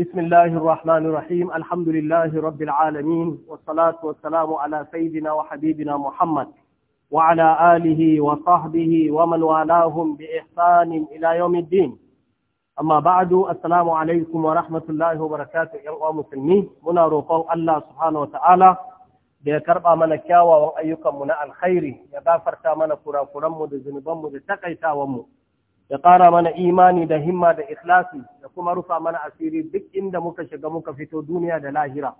بسم الله الرحمن الرحيم الحمد لله رب العالمين والصلاة والسلام على سيدنا وحبيبنا محمد وعلى آله وصحبه ومن والاهم بإحسان إلى يوم الدين أما بعد السلام عليكم ورحمة الله وبركاته يا مسلمين منا روقون الله سبحانه وتعالى da ya karba mana kyawawan ayyukanmu na alkhairi ya gafarta mana kurakuranmu da zunubanmu da takaitawanmu ya ƙara mana imani da himma da ikhlasi da kuma rufa mana asiri duk inda muka shiga muka fito duniya da lahira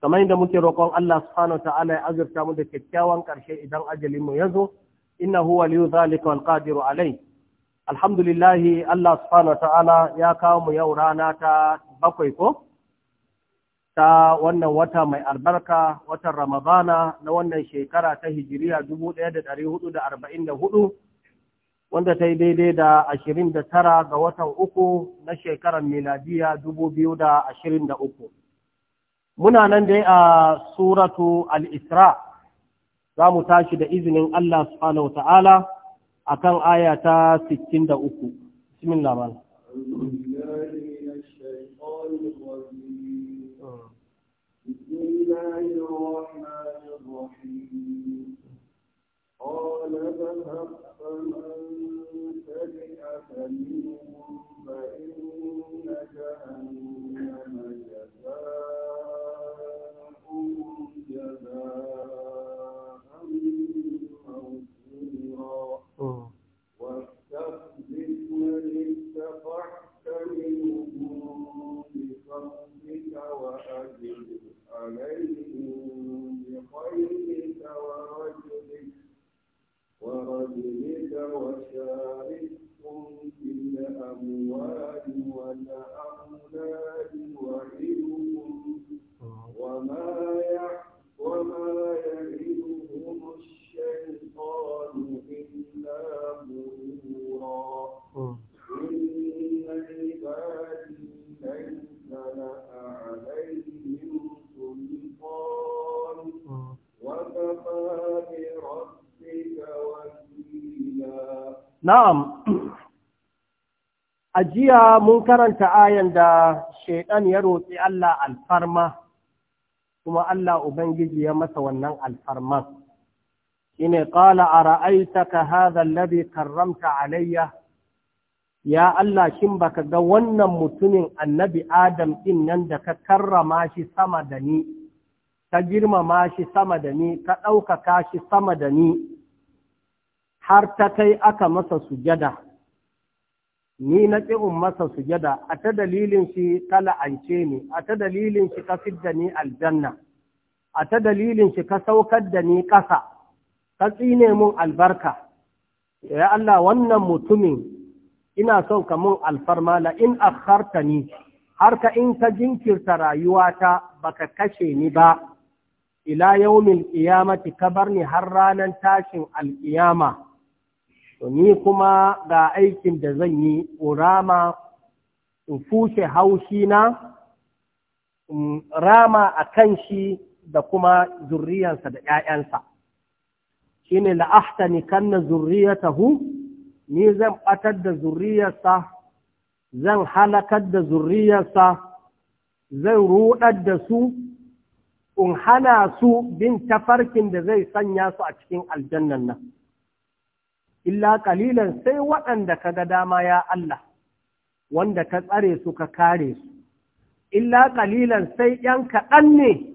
kamar inda muke roƙon Allah subhanahu wa ta'ala ya azurta mu da kyakkyawan ƙarshe idan ajalin mu ya zo innahu liyu zalika wal qadiru alai alhamdulillah Allah subhanahu wa ta'ala ya kawo mu yau rana ta bakwai ko ta wannan wata mai albarka watan Ramadana na wannan shekara ta hijiriya 1444 wanda ta yi daidai da ashirin da tara ga watan uku na shekarar miladiya dubu biyu da ashirin da uku. Muna nan dai a suratu al'isra za mu tashi da izinin Allah subhanahu wa ta'ala a kan aya ta sittin da uku. Bismillah man. بسم فإن جهنم na'am a jiya mun karanta ayan da shaidan ya roƙi Allah alfarma kuma Allah ubangiji ya masa wannan alfarman a qala ka hadha alladhi karramta alayya ya Allah shin baka ga wannan mutumin annabi Adam ɗin nan da ka karrama shi sama da ni ka girmama shi sama da ni ka ɗaukaka shi sama da ni har ta kai aka masa sujada ni na in masa sujada a ta dalilin shi ka la'ance ni a ta dalilin shi ka fidda ni aljanna a ta dalilin shi ka saukar da ni ƙasa ka tsine mun albarka ya Allah wannan mutumin ina son ka mun alfarma la in akharta ni har ka in ka jinkirta rayuwata baka kashe ni ba ila yaumil qiyamati ka bar ni har ranan tashin alqiyama To ni kuma ga aikin da zan yi urama in fushe haushi na rama a kan shi da kuma zurriyansa da ‘ya'yansa shi ne la'ahtani kan na zurriyatahu ni zan ɓatar da zurriyarsa zan halakar da zurriyarsa zan ruɗar da su in hana su bin tafarkin da zai sanya su a cikin aljannan nan illa ƙalilan sai waɗanda ka ga dama ya Allah, wanda ka tsare su ka kare su, illa ƙalilan sai ‘yan kaɗan ne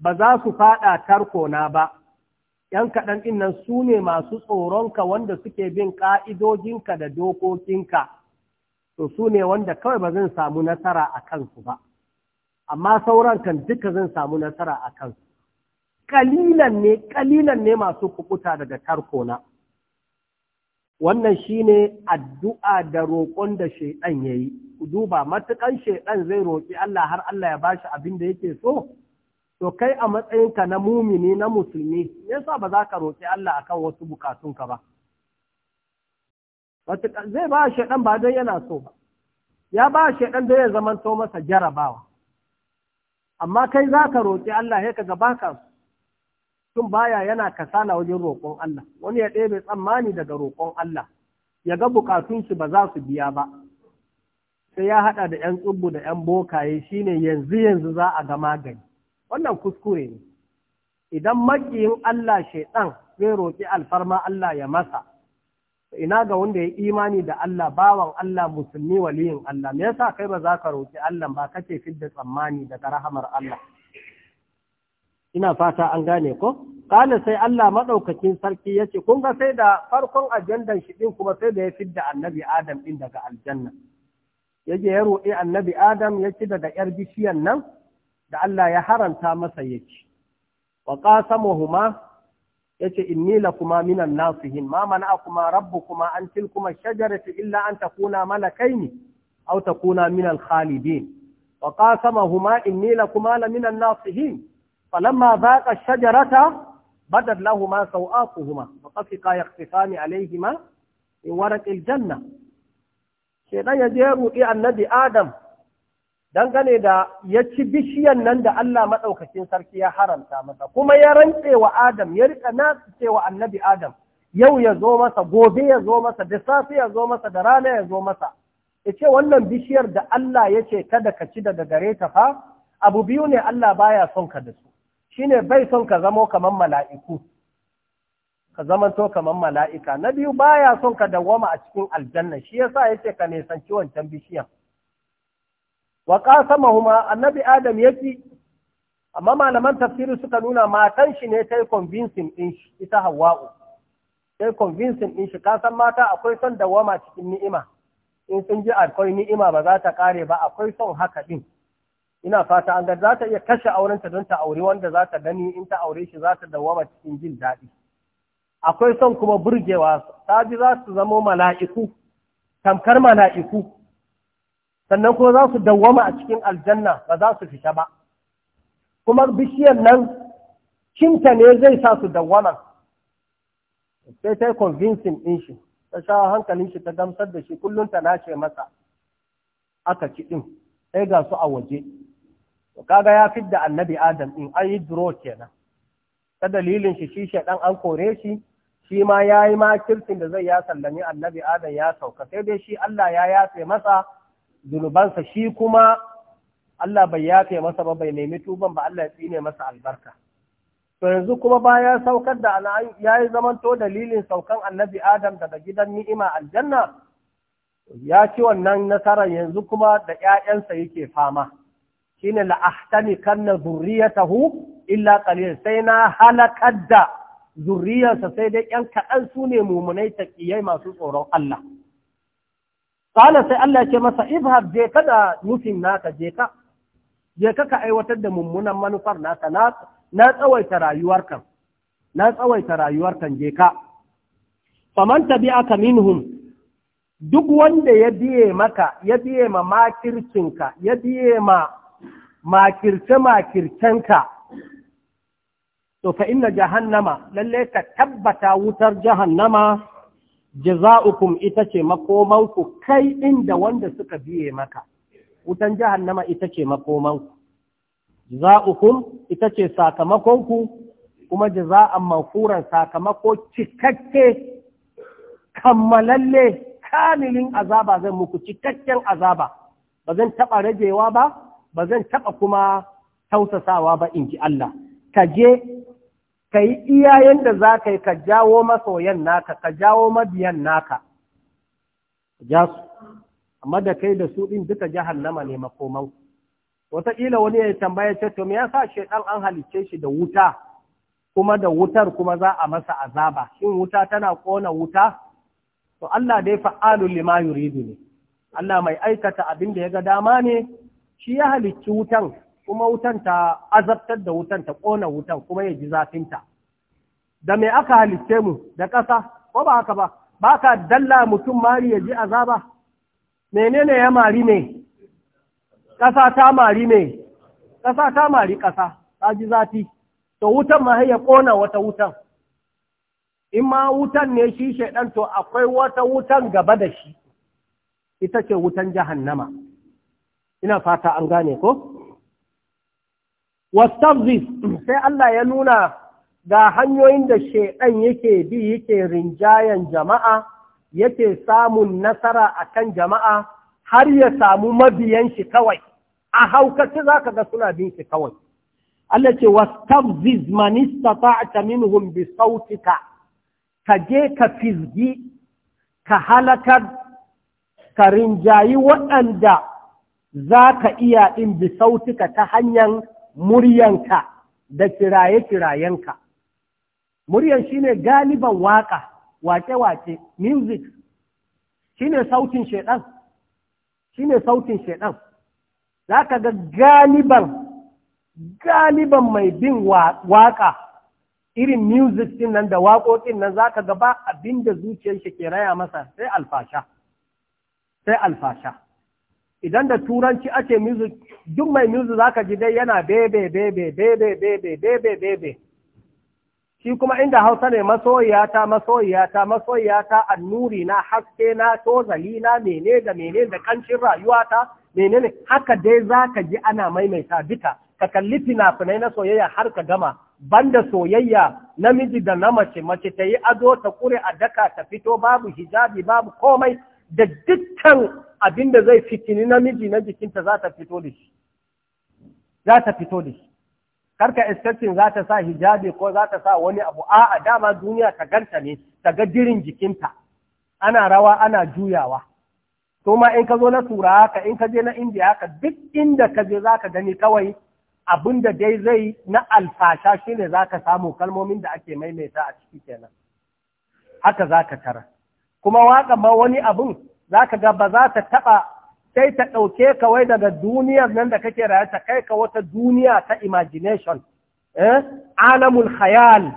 ba za su faɗa tarkona ba, ‘yan kaɗan ɗinnan su ne masu tsoronka wanda suke bin ƙa'idojinka da dokokinka, to su ne wanda kawai ba zan samu nasara a kansu ba, amma sauran kan duka zan samu nasara a kansu. Ƙalilan ne, ne masu kukuta daga tarkona. wannan shine addu'a da roƙon da shaiɗan ya yi duba matukan shaiɗan zai roƙi Allah har Allah ya bashi abin da yake so to kai a matsayinka na mumini na musulmi yasa ba za ka roƙi Allah akan wasu bukatunka ba zai ba shaiɗan ba don yana so ba ya ba shaiɗan don ya zamanto masa jarabawa amma kai za ka roƙi Allah ya ka gaba tun baya yana kasala wajen roƙon Allah wani ya ɗebe tsammani daga roƙon Allah ya ga bukatun shi ba za su biya ba sai ya haɗa da ‘yan tsubbu da ‘yan bokaye shine yanzu yanzu za a ga magani wannan kuskure ne idan maƙiyin Allah shaiɗan zai roƙi alfarma Allah ya masa ina ga wanda ya imani da Allah bawan Allah musulmi waliyin Allah me yasa kai ba za ka roƙi Allah ba kake fidda tsammani daga rahamar Allah ina fata an gane ko kala sai Allah madaukakin sarki yace kun ga sai da farkon ajandan shi din kuma sai da ya fidda annabi Adam din daga aljanna yaje ya roƙi annabi Adam ya ci daga yar bishiyan nan da Allah ya haranta masa ya ci wa qasamuhuma yace inni lakuma minan nasihin ma mana'akuma rabbukuma an tilkuma shajarati illa an takuna malakaini aw takuna minal khalidin wa qasamahuma inni lakuma la minan nasihin فلما ذاق shajarata badad lahuma sau'aquhuma wa tafiqa yaqtifani alayhima min waraqil janna shedan ya je rudi annabi adam dangane da ya ci bishiyan nan da Allah madaukakin sarki ya haramta masa kuma ya rantse wa adam ya rika nasu cewa annabi adam yau ya zo masa gobe ya zo masa da safi ya zo masa da rana ya zo masa ya ce wannan bishiyar da Allah ya ce kada ka ci daga gare ta fa abu biyu ne Allah baya son ka da shine bai son ka zamo kamar mala'iku ka zamanto kamar mala'ika na biyu baya son ka dawwama a cikin aljanna shi yasa yace ka nisanci wancan bishiyan wa huma, annabi adam fi amma malaman tafsiri suka nuna matan shi ne ta yi convincing din shi ita hawa'u ta yi convincing shi kasan mata akwai son dawama cikin ni'ima in sun ji akwai ni'ima ba za ta kare ba akwai son haka ɗin ina fata an ga za ta iya kashe aurenta don ta auri wanda za ta gani in ta aure shi za ta dawama cikin jin daɗi akwai son kuma burgewa ta ji za su zamo mala'iku tamkar mala'iku sannan kuma za su dawwama a cikin aljanna ba za su fita ba kuma bishiyar nan cinta ne zai sa su dawwama sai ta yi convincing ɗin shi ta sha hankalin shi ta gamsar da shi kullum ta nace masa aka ci ɗin sai ga su a waje kaga ya da annabi adam in an yi duro kenan ta dalilin shi shi shaɗan an kore shi shi ma ya yi makircin da zai ya sallami annabi adam ya sauka sai dai shi Allah ya yafe masa zunubansa shi kuma Allah bai yafe masa ba bai nemi tuban ba Allah ya tsine masa albarka to yanzu kuma bayan saukar da ya yi zamanto dalilin saukan annabi adam daga gidan ni'ima aljanna ya ci wannan nasarar yanzu kuma da ‘ya'yansa yake fama shine la ahtani kanna zurriyatahu illa qalil sai na halakar da zurriyarsa sai dai yan kaɗan su ne mumunai taqiyai masu tsoron Allah qala sai Allah ya ce masa ibhab je ka da nufin naka je ka je ka ka aiwatar da mummunan manufar naka na na tsawaita rayuwarka na tsawaita rayuwarka je ka faman tabi'aka minhum duk wanda ya biye maka ya biye ma makircinka ya biye ma makirce-makircenka, to fa inna jahannama lalle ka tabbata wutar jahannama jaza'ukum ita ce makomanku kai inda wanda suka biye maka, wutan jahannama ita ce makomanku, jaza'ukum ita ce sakamakonku kuma jaza'an mafuran sakamako cikakke, kammalalle, kamilin azaba Zai muku cikakken azaba, ba zan taɓa rajewa ba, ba zan taɓa kuma tausasawa ba in ji Allah ka je ka yi iya yadda za ka yi ka jawo masoyan naka ka jawo mabiyan naka ja su amma da kai da su ɗin duka jahannama ne makomau wataƙila wani ya tambaya ce to me sa ɗan an halicce shi da wuta kuma da wutar kuma za a masa azaba shin wuta tana kona wuta to Allah dai fa'alun lima yuridu ne Allah mai aikata abin da ya ga dama ne shi ya halicci wutan kuma wutan ta azabtar da wutan ta ƙona wutan kuma ya ji zafinta da me aka halicce mu da ƙasa ko ba haka ba ba ka dalla mutum mari ya ji azaba menene ya mari ne ƙasa ta mari ne ƙasa ta mari ƙasa ta ji zafi to wutan ma ya ƙona wata wutan in ma wutan ne shi shaɗan to akwai wata wutan gaba da shi ita ce wutan jahannama ina fata an gane ko wastafzis sai Allah ya nuna ga hanyoyin da shedan yake bi yake rinjayen jama'a yake samun nasara akan jama'a har ya samu mabiyan shi kawai a haukaci za ka ga suna bin shi kawai Allah ce wastafziz man istata'ta minhum bi sautika ka je ka fizgi ka halakar ka rinjayi waɗanda za ka iya in bi sautuka ta hanyar muryanka da kiraye-kirayenka. Muryan shi ne galiban waƙa, wake-wake, music, shi ne sautin shaiɗan, shi ne sautin shaɗan. Za ka ga galiban, galiban mai bin waƙa, irin music ɗin nan da waƙoƙin nan za ka ba abin da zuciyar shi ke raya masa sai alfasha, sai alfasha. idan da turanci ake music duk mai music zaka ji dai yana bebe bebe bebe bebe bebe bebe shi kuma inda hausa ne masoyiyata masoyiyata masoyiyata annuri na haske na tozali na mene da mene da kancin rayuwata mene ne haka dai zaka ji ana maimaita bita ka kalli fina-finai na soyayya har ka gama banda soyayya namiji da na mace mace ta yi ado ta kure a daka ta fito babu hijabi babu komai da dukkan Abin da zai fitini namiji na jikinta za ta fito da shi za ta fito da shi karka iskacin za ta sa hijabi ko za ta sa wani abu a a dama duniya ta ganta ne ta ga jirin jikinta ana rawa ana juyawa to ma in ka zo na tura haka in ka je na indiya haka duk inda ka je za ka gani kawai abin da dai zai na alfasha shi ne za ka samu kalmomin da ake maimaita a ciki kenan haka za ka tara kuma waka ma wani abun za ka ga ba za ta taɓa sai ta ɗauke ka wai daga duniyar nan da kake raye ta kai ka wata duniya ta imagination eh alamul khayal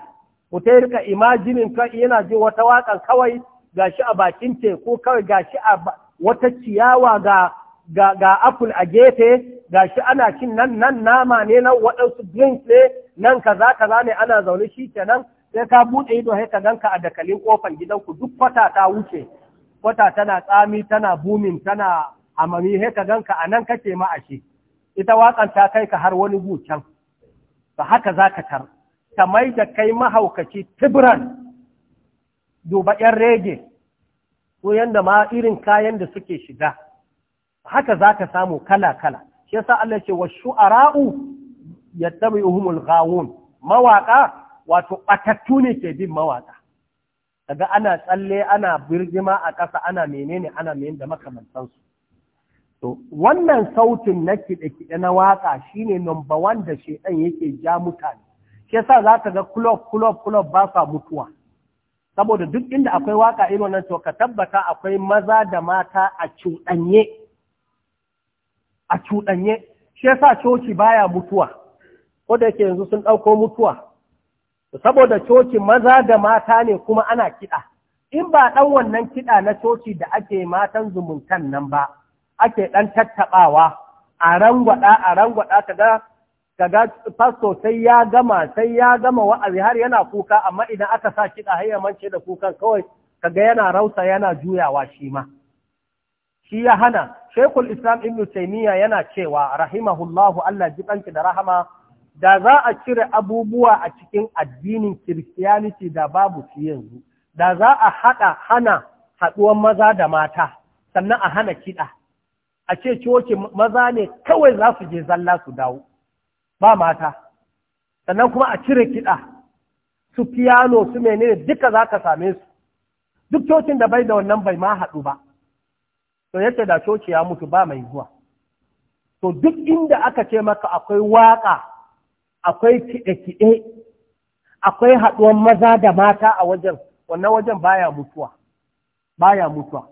ta rika imaginin ka yana ji wata waƙan kawai gashi a bakin teku kawai gashi a wata ciyawa ga ga apple a gefe gashi ana cin nan nan nama ne nan waɗansu drinks ne nan kaza kaza ne ana zaune shi kenan sai ka buɗe ido sai ganka a dakalin kofar gidanku duk kwata ta wuce kwata tana tsami tana bumin tana amami haka ganka a nan kake ma ita watsan ta kai ka har wani bukan ba haka za ka tar ta mai da kai mahaukaci tibran duba yan rege ko yanda ma irin kayan da suke shiga haka za ka samu kala kala shi yasa Allah ce wa shu'ara'u yattabi'uhumul ghawun mawaka wato batattu ne ke bin mawaka kaga ana tsalle ana birgima a ƙasa ana menene ana menene da makamantansu to wannan sautin na kiɗe-kiɗe na waƙa shine nomba wanda da ɗan yake ja mutane Ke sa za ka ga kulob-kulob kulob ba sa mutuwa saboda duk inda akwai waka irin wannan to ka tabbata akwai maza da mata a cuɗanye a cuɗanye Ke sa coci baya mutuwa ko da yake yanzu sun ɗauko mutuwa saboda coci maza da mata ne kuma ana kiɗa in ba ɗan wannan kiɗa na coci da ake matan zumuntan nan ba ake ɗan tattaɓawa a rangwaɗa a rangwaɗa kaga kaga fasto sai ya gama sai ya gama wa'azi har yana kuka amma idan aka sa kiɗa har mance da kuka kawai kaga yana rausa yana juyawa shi ma shi ya hana shekul islam ibnu taymiya yana cewa rahimahullahu Allah ji da rahama da za a cire abubuwa a cikin addinin kiristiyaniti da babu su yanzu, da za a haɗa hana haɗuwan maza da mata, sannan a hana kiɗa, a ce coci maza ne kawai za su je zalla su dawo, ba mata, sannan kuma a cire kiɗa, su fiyano su menene duka za ka same su, duk cocin da bai da wannan bai ma haɗu ba, to yadda da coci ya mutu ba mai zuwa. To duk inda aka ce maka akwai waƙa akwai kiɗe-kiɗe akwai haɗuwan maza da mata a wajen wannan wajen baya mutuwa baya mutuwa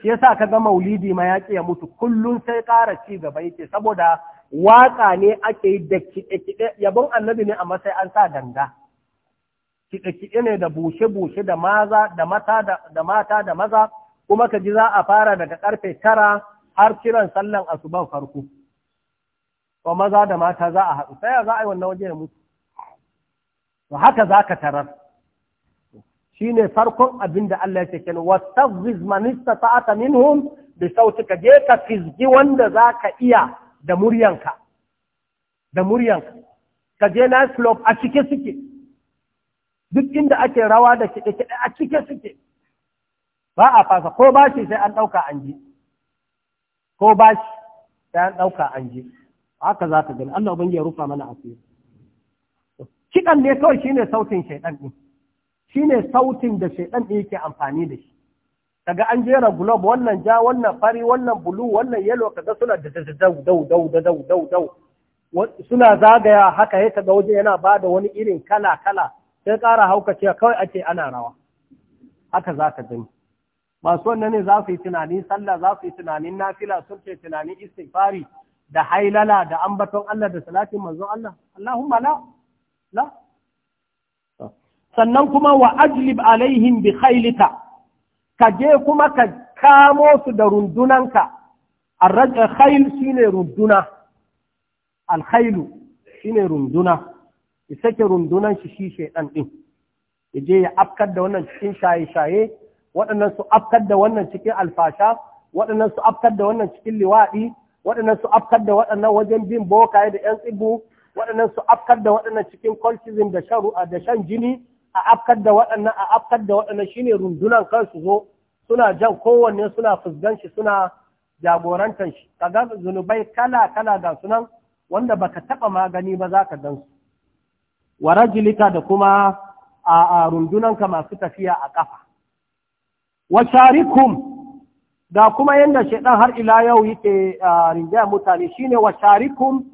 shi yasa ka ga maulidi ma ya ya mutu kullum sai ƙara ci gaba yake saboda waƙa ne ake yi da kiɗe-kiɗe yabon annabi ne amma sai an sa ganga kiɗe-kiɗe ne da bushe-bushe da mata da maza kuma ka ji za a fara daga ƙarfe tara har kiran sallan asuban farko to maza da mata za a haɗu sai za a yi wannan waje ya mutu to haka za ka tarar shi ne farkon abin da Allah ya ce kenan wastaghiz man istata'ata minhum bi ka je ka fizgi wanda za ka iya da muryanka da muryanka ka je na slope a cike suke duk inda ake rawa da kiɗe-kiɗe a cike suke ba a fasa ko bashi sai an ɗauka an ji ko bashi sai an ɗauka an ji haka za ka gani Allah ubangiji ya rufa mana asiri kiɗan ne kawai shine sautin shaidan ɗin shine sautin da shaidan ɗin yake amfani da shi kaga an jera gulob wannan ja wannan fari wannan bulu wannan yellow kaga suna da dau dau dau dau dau dau suna zagaya haka ya kaga waje yana bada wani irin kala kala sai ƙara haukacewa kawai ake ana rawa haka za ka gani masu wannan ne za su yi tunanin sallah za su yi tunanin nafila sun ce tunanin istighfari da hailala da ambaton Allah da salatin manzon Allah Allahumma la la sannan kuma wa ajlib alaihim bi khailika ka je kuma ka kamo su da rundunanka arraja khail shine runduna alkhailu shine runduna ya rundunan shi shi shaidan din ya je ya afkar da wannan cikin shaye-shaye waɗannan su afkar da wannan cikin alfasha waɗannan su afkar da wannan cikin liwaɗi waɗannan su afkar da waɗannan wajen bin bokaye da ‘yan tsibu waɗannan su afkar da waɗannan cikin cultism da shan jini a afkar da waɗannan a afkar da waɗannan shine rundunan kansu zo suna jan kowanne suna fusgan shi suna jagorantar shi kaga zunubai kala kala ga sunan wanda baka taɓa magani ba zaka gan su wa da kuma a ka masu tafiya a kafa wa sharikum da kuma yadda shaidan har ila yau yake rinjaya mutane shine wa sharikum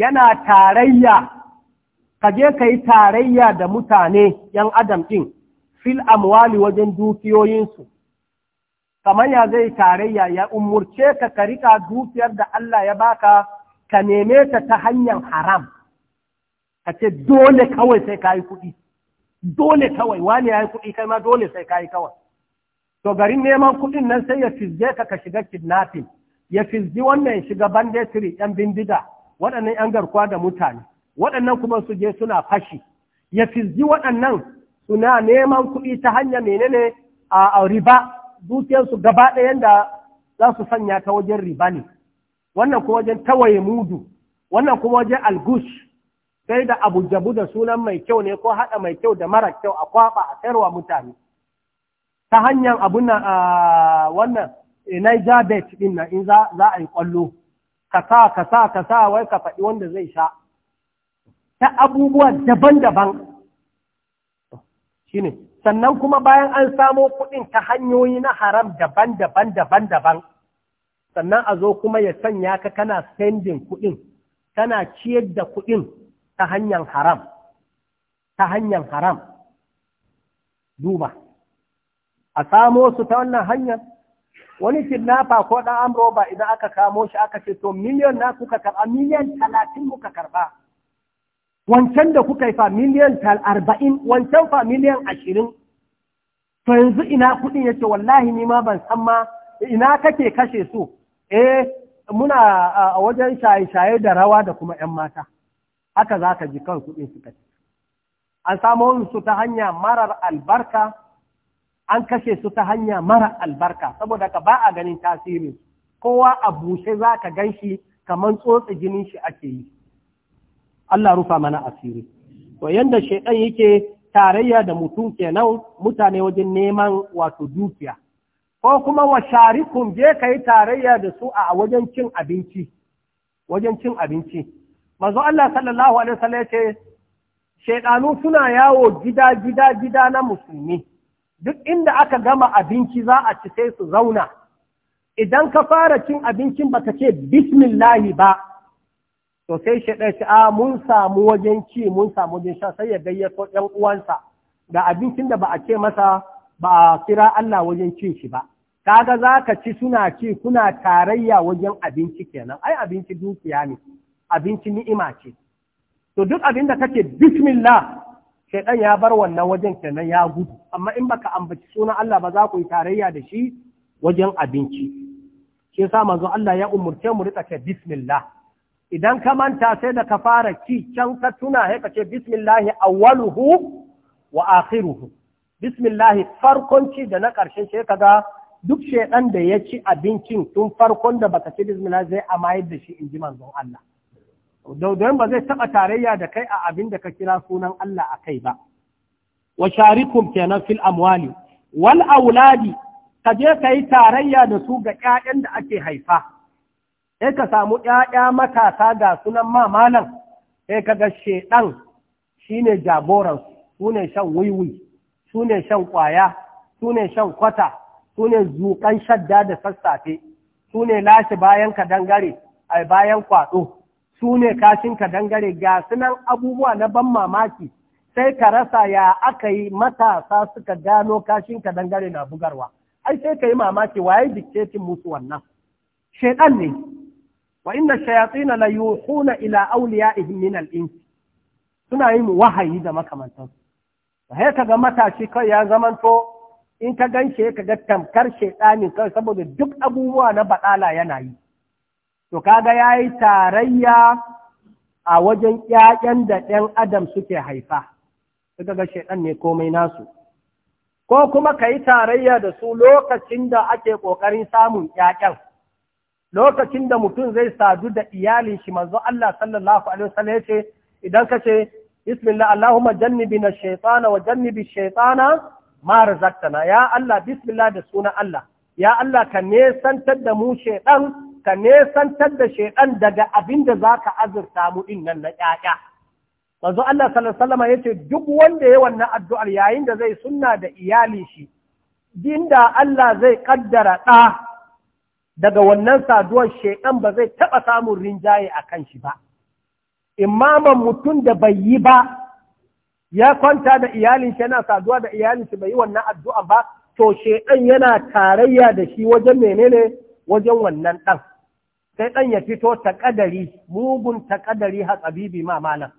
yana tarayya ka je ka yi tarayya da mutane yan adam ɗin fil amwali wajen dukiyoyinsu kamar ya zai tarayya ya umurce ka ka rika dukiyar da Allah ya baka ka neme ta ta hanyar haram ka ce dole kawai sai ka yi kuɗi dole kawai wani ya yi kuɗi kai ma dole sai ka yi kawai to garin neman kuɗin nan sai ya fizge ka ka shiga kidnapping ya fizge wannan shiga banditry yan bindiga waɗannan yan garkuwa da mutane waɗannan kuma su je suna fashi ya fizge waɗannan suna neman kuɗi ta hanya menene a riba dukiyarsu gaba ɗayan da za su sanya ta wajen riba ne wannan kuma wajen tawaye mudu wannan kuma wajen algush sai da abu jabu da sunan mai kyau ne ko haɗa mai kyau da mara kyau a kwaɓa a sayarwa mutane ta hanyar abin a wannan eh, Niger bet din nan in za a yi kwallo ka sa ka sa ka sa wai ka faɗi wanda zai sha ta abubuwa daban-daban ne, sannan kuma bayan an samo kuɗin ta hanyoyi na haram daban-daban daban-daban sannan a zo kuma ya sanya ka kana spending kuɗin kana ciyar da kuɗin ta hanyar haram ta hanyar haram duba a samo su ta wannan hanyar wani kidnapper ko ɗan amroba idan aka kamo shi aka ce to miliyan na kuka karɓa miliyan talatin muka karɓa wancan da kuka yi fa miliyan 40 wancan fa miliyan ashirin to yanzu ina kuɗi yace wallahi ni ma ban san ma ina kake kashe su eh muna a wajen shaye-shaye da rawa da kuma 'yan mata haka za ka ji kan kuɗin su ci an samo su ta hanya marar albarka an kashe su ta hanya mara albarka saboda ka ba a ganin tasiri kowa a bushe za ka gan shi kamar tsotsa jinin shi ake yi Allah rufa mana asiri to yanda shaidan yake tarayya da mutum kenan mutane wajen neman wato dukiya ko kuma wa sharikum je ka yi tarayya da su a wajen cin abinci wajen cin abinci manzo Allah sallallahu alaihi wasallam ya ce shaidanu suna yawo gida gida gida na musulmi duk inda aka gama abinci za a ci sai su zauna idan ka fara cin abincin baka ce bismillahi ba to sai shaɗa a ah, mun samu wajen ci mun samu wajen sha sai ya gayyato yan uwansa da abincin da ba a ce masa ba a kira Allah wajen cin shi ba kaga za ka ci suna ci kuna tarayya wajen abinci kenan ai abinci dukiya ne abinci ni'ima ce to duk abinda da kake bismillah shaidan ya bar wannan wajen kenan ya gudu amma in baka ambaci sunan Allah ba za ku yi tarayya da shi wajen abinci shi yasa manzo Allah ya umurce mu rika ce bismillah idan ka manta sai da ka fara ci can ka tuna sai ka ce bismillah awwaluhu wa akhiruhu bismillah farkon ci da na karshen sai kaga duk shedan da ya ci abincin tun farkon da baka ci bismillah zai amayar da shi inji manzon Allah don ba zai taɓa tarayya da kai a abin da ka kira sunan Allah a kai ba. Wa sharikum kenan fil amwali, wal auladi ka je ka yi tarayya da su ga ‘ya'yan da ake haifa, sai ka samu ‘ya'ya matasa ga sunan mamanan, sai ka ga shaiɗan shi ne jagoran su ne shan wiwi, su ne shan ƙwaya, su ne shan kwata, su ne zuƙan shadda da sassafe, su ne lashe bayan ka dangare a bayan kwaɗo. su ne kashinka dangare ga sunan abubuwa na ban mamaki sai ka rasa ya aka yi matasa suka gano kashinka dangare na bugarwa ai sai ka yi mamaki waye diktetin musu wannan shaidan ne wa inna na la yuhuna ila awliyaihim min al-ins suna yin wahayi da makamantan sai ka ga matashi kai ya zamanto in ka ganshi ka ga tamkar shaidanin kai saboda duk abubuwa na baɗala yana yi to kaga yi tarayya a wajen 'ya'yan da ɗan adam suke haifa suka ga shaidan ne komai nasu ko kuma ka yi tarayya da su lokacin da ake ƙoƙarin samun 'ya'yan? lokacin da mutum zai sadu da iyalin shi manzo Allah sallallahu alaihi wasallam ce, idan ka ce bismillah Allahumma na shaitana wa jannibi shaitana ma razaqtana ya Allah bismillah da suna Allah ya Allah ka nesantar da mu shaiɗan ka nesantar da shaiɗan daga abin da za ka azurta mu nan na ƴaƴa manzo Allah sallallahu alaihi wasallam duk wanda ya wannan addu'ar yayin da zai sunna da iyali shi dinda Allah zai ƙaddara ɗa daga wannan saduwar shaiɗan ba zai taɓa samun rinjaye a kan shi ba imaman mutum da bai yi ba ya kwanta da iyalin shi yana saduwa da iyalin shi bai yi wannan addu'a ba to shedan yana tarayya da shi wajen menene wajen wannan ɗan. sai ɗan ya fito ƙadari mugun taƙadari tsabibi ma malam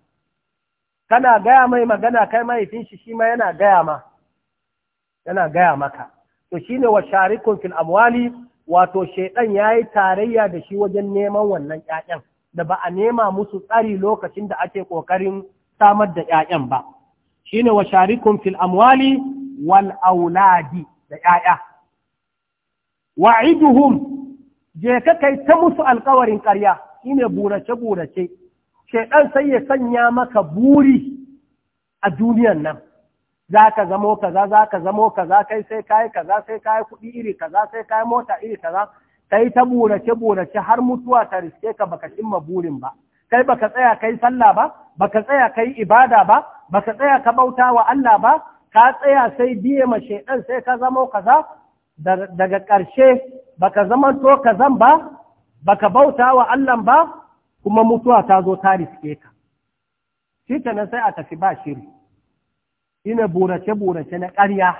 kana gaya mai magana kai mahaifin shi shi ma yana gaya ma yana gaya maka to shine wa sharikun fil amwali wato ya yi tarayya da shi wajen neman wannan 'ya'yan, da ba a nema musu tsari lokacin da ake ƙoƙarin samar da 'ya'yan ba shine wa sharikun fil amwali wal auladi da ƴaƴa wa'iduhum je ka kai ta musu alkawarin ƙarya shine burace-burace shaidan sai ya sanya maka buri a duniyan nan za ka zamo kaza za ka zamo kaza kai sai kayi kaza sai kayi kuɗi iri kaza sai kayi mota iri kaza kai ta burace-burace har mutuwa ta riske ka baka cimma burin ba kai baka tsaya kai sallah ba baka tsaya kai ibada ba baka tsaya ka bauta wa Allah ba ka tsaya sai biye ma shaidan sai ka zamo kaza daga ƙarshe ba baka zamanto ka zan ba ba ka bauta wa Allah ba kuma mutuwa ta zo ta riske ka shi na sai a tafi ba shiri ina burace burace na ƙarya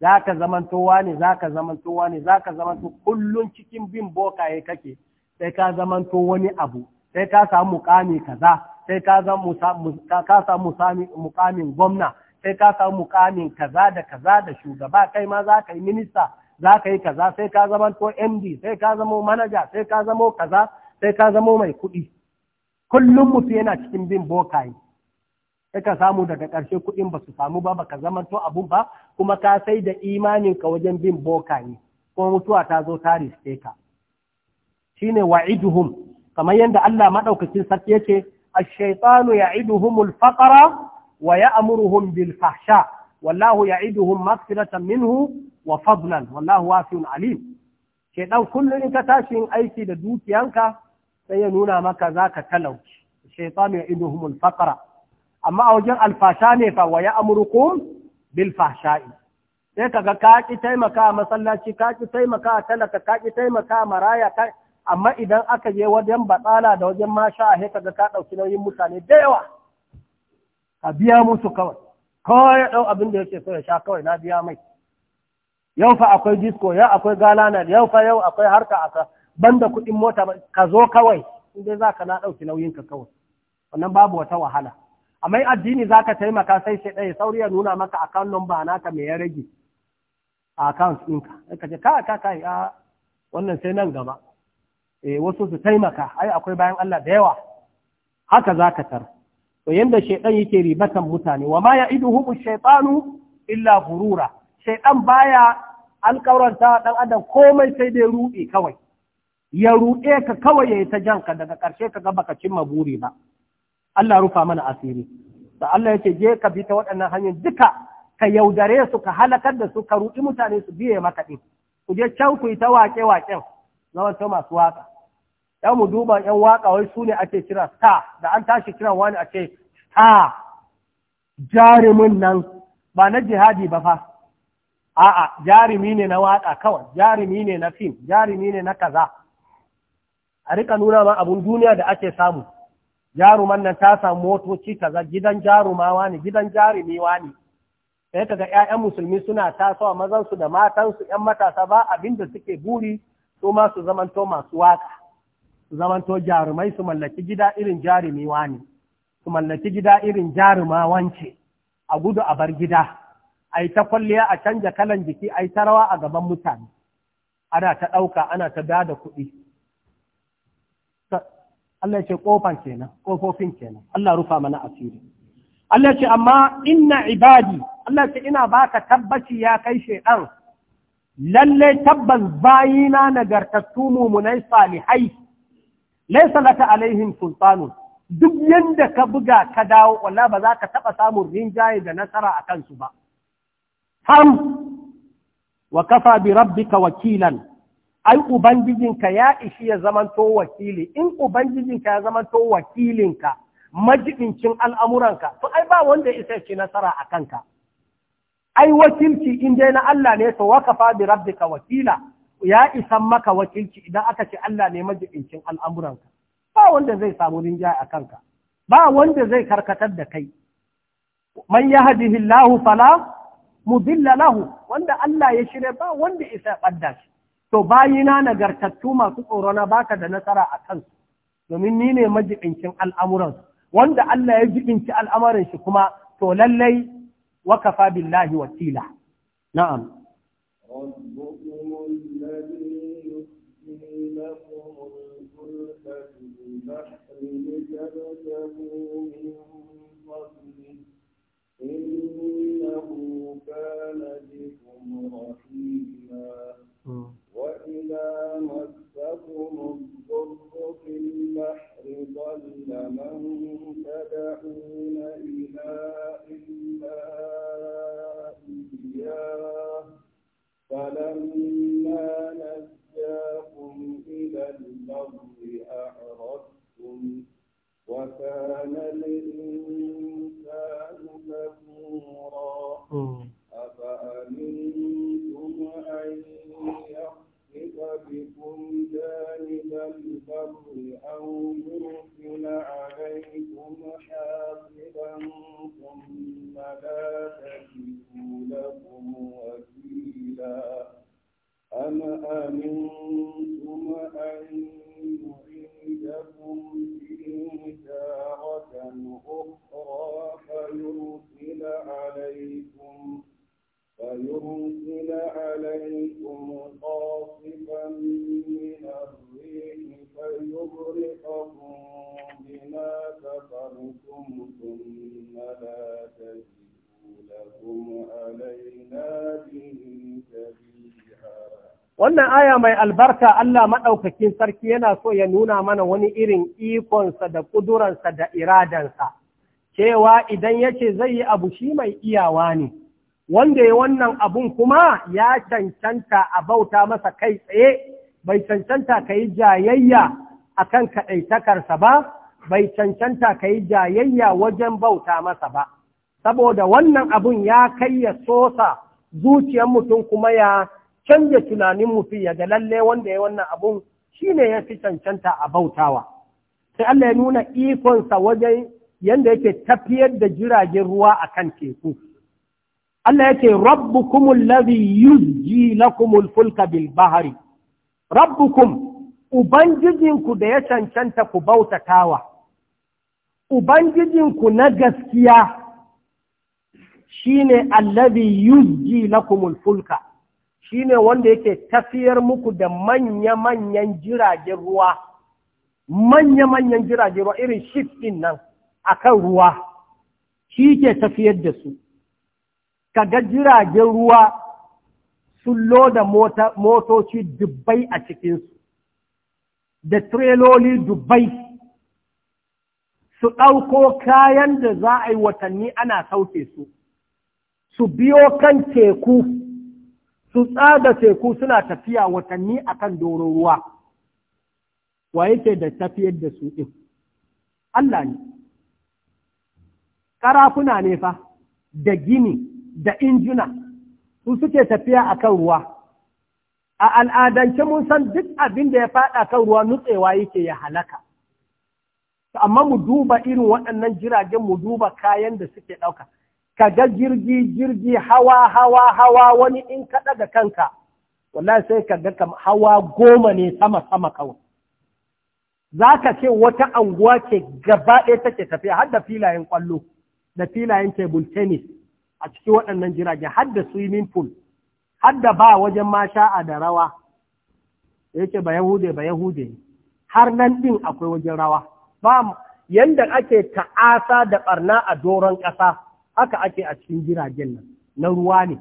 za ka zamantowa ne za ka zamantowa ne za ka zamanto kullum cikin bin bokaye kake sai ka zamanto wani abu sai ka samu mukami kaza sai ka samu mukamin gwamna sai ka samu mukamin kaza da kaza da shugaba kai ma za ka yi minista za ka yi kaza sai ka zama to md sai ka zama manaja sai ka zama kaza sai ka zama mai kuɗi kullum mutum yana cikin bin bokaye sai ka samu daga ƙarshe kuɗin ba su samu ba ka zama to abun ba kuma ka sai da imanin ka wajen bin bokaye ko mutuwa ta zo ta riske ka shine wa'iduhum kamar yadda Allah madaukakin sarki yake ash-shaytanu ya'iduhumul faqra wa ya'muruhum bil wallahu ya'iduhum maghfiratan minhu wa fadlan wallahu wasi'un alim shedan kullun in ka tashi yin aiki da dukiyanka sai ya nuna maka zaka talauci shaytan ya'iduhum al faqra amma a wajen alfasha ne fa wa ya'murukum bil fahsha'i sai kaga ka ki taimaka masallaci ka ki taimaka talaka ka ki taimaka maraya ka amma idan aka je wajen batsala da wajen masha a kaga ka ɗauki nauyin mutane da yawa a biya musu kawai kawai ya ɗau abin da yake so ya sha kawai na biya mai yau fa akwai disco yau akwai galana yau fa yau akwai harka aka banda kuɗin mota ka zo kawai in dai za ka na ɗauki nauyinka kawai wannan babu wata wahala A mai addini za ka taimaka sai sai ɗaya sauri ya nuna maka akan numba naka me ya rage a account ɗinka ka ce ka ka kai a wannan sai nan gaba eh wasu su taimaka ai akwai bayan Allah da yawa haka za ka tara to yanda shaiɗan yake ribatan mutane wa ma ya'iduhum shaytanu illa furura? Shaiɗan baya alƙawaranta dan adam komai sai dai ruɗe kawai ya ruɗe ka kawai ya yi ta janka daga ƙarshe ka ga baka cimma buri ba Allah rufa mana asiri da Allah yake je ka bi ta waɗannan hanyar duka ka yaudare su ka halakar da su ka ruɗi mutane su biye maka ɗin ku je can ku yi ta waƙe waƙen na wasu masu waƙa ya mu duba yan waka wai su ne ake kira ta da an tashi kiran wani a ta star jarumin nan ba na jihadi ba fa a'a jarumi ne na waka kawai jarumi ne na fim jarumi ne na kaza a rika nuna ma abun duniya da ake samu jaruman nan ta samu motoci kaza gidan jarumawa ne gidan jarumiwa ne sai kaga 'ya'yan musulmi suna tasowa mazansu da matansu 'yan matasa ba abin da suke buri su ma su zamanto masu waka zamanto jarumai su mallaki gida irin jarumi wani su mallaki gida irin jaruma wance a gudu a bar gida a yi ta kwalliya a canja kalan jiki a yi ta rawa a gaban mutane ana ta ɗauka ana ta da kuɗi Allah ya ce ƙofan kenan ƙofofin kenan Allah rufa mana asiri Allah ce amma inna ibadi Allah ce ina baka tabbaci ya kai shaidan lalle tabbas bayina nagartattu mumunai salihai laisa laka alaihim sultanu duk yanda ka buga ka dawo wallahi ba za ka taba samun rinjaye da nasara a kansu ba ham wa kafa bi rabbika wakilan ai ubangijinka ya ishi ya zamanto wakili in ubangijinka ya zamanto wakilinka majibincin al'amuranka to ai ba wanda ya isa ci nasara a kanka ai wakilci in dai na Allah ne to wa kafa bi rabbika wakila ya isan maka wakilci idan aka ce Allah ne majibincin al'amuranka, ba wanda zai samu rinjaye a kanka, ba wanda zai karkatar da kai. Man ya lahu fala, mudilla lahu, wanda Allah ya shirya ba wanda isa ɓadda shi. To bayina nagartattu masu tsoro na baka da nasara a kansu, domin ni ne majibincin al'amuransu, wanda Allah ya jibinci al'amarin shi kuma to lallai wakafa billahi wakila. Na'am. البحر من فضله إنه كان بكم رحيما وإذا مسكم الضر في البحر ضل من تدعون إلى إلا إياه فلما نجاكم إلى الأرض أعرضتم أنفسكم وكان الإنسان كفورا أفأمنتم أن يخسف بكم جانب البر أو يرسل عليكم حاصبا ثم لا تجدوا لكم وكيلا أم أمنتم أن يعيدكم aya mai albarka Allah maɗaukakin sarki yana so ya nuna mana wani irin ikonsa da ƙuduransa da iradansa, cewa idan yace zai yi abu shi mai iyawa ne, wanda ya wannan abun kuma ya cancanta a bauta masa kai tsaye, bai cancanta ka yi jayayya a kan kaɗaitakarsa ba, bai cancanta ka yi jayayya wajen bauta masa ba, saboda wannan abun ya kai ya sosa zuciyar mutum kuma ya Canza tunanin mutum ya ga lalle wanda ya wannan abun shine ya fi cancanta a bautawa sai Allah ya nuna ikonsa wajen yadda yake tafiyar da jiragen ruwa a kan teku Allah yake rabbukum ji yuzji lakumul fulka bil bahri rabbukum ubangijinku da ya cancanta ku bautatawa ubangijinku na gaskiya shine allazi yuzji lakumul fulka Shi ne wanda yake tafiyar muku da manya-manyan jiragen ruwa manya-manyan jiragen ruwa irin ship ɗin nan a kan ruwa shi ke tafiyar da su kaga jiragen ruwa sun loda motoci dubbai a cikinsu da treloli dubbai su ɗauko kayan da za a yi watanni ana sauke su, su biyo kan teku su tsada teku suna tafiya watanni akan doron ruwa wa yake da tafiyar da su ɗin Allah ne ƙarafuna ne fa da gini da injuna su suke tafiya akan ruwa a al'adance mun san duk abin da ya faɗa kan ruwa nutsewa yake ya halaka amma mu duba irin waɗannan jiragen mu duba kayan da suke ɗauka ka ga jirgi jirgi hawa hawa hawa wani in ka daga kanka wallahi sai ka ga hawa goma ne sama sama kawai za ka ce wata anguwa ce gaba ɗaya take tafiya har da filayen kwallo da filayen table tennis a cikin waɗannan jiragen har da swimming pool har da ba wajen ma sha'a da rawa yake ba yahude ba yahude har nan ɗin akwai wajen rawa ba yanda ake ta'asa da ɓarna a doron ƙasa haka ake a cikin jiragen nan na ruwa ne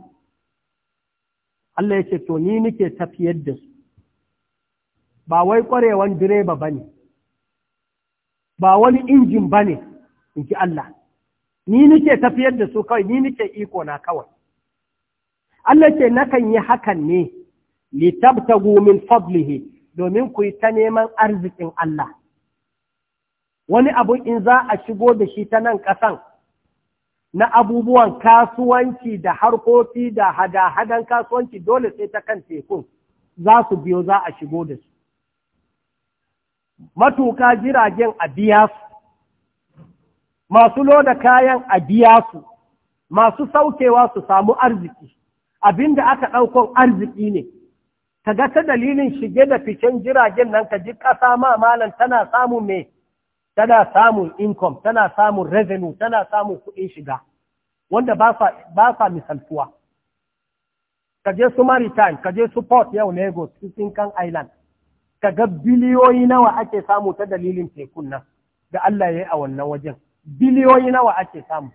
Allah ya ce to ni nike tafiyar da su ba wai ƙwarewan direba ba ne ba wani injin ba ne in ji Allah ni nike tafiyar da su kawai ni nike iko na kawai Allah ce nakan yi hakan ne litabtagu min fablihi domin ku yi ta neman arzikin Allah wani abu in za a shigo da shi ta nan ƙasan na abubuwan kasuwanci da harkoki da hada-hadan kasuwanci dole sai ta kan tekun za su biyo za a shigo da su. Matuka jiragen a biya su, masu loda kayan a biya su, masu saukewa su samu arziki, abin da aka ɗaukon arziki ne. Ka ga ta dalilin shige da ficen jiragen nan ka ji ƙasa ma malam tana samun mai tana samun income tana samun revenue tana samun kuɗin shiga wanda ba sa misaltuwa ka je su maritime ka je su port yau lagos cikin kan island ka ga biliyoyi nawa ake samu ta dalilin tekun nan da Allah ya yi a wannan wajen biliyoyi nawa ake samu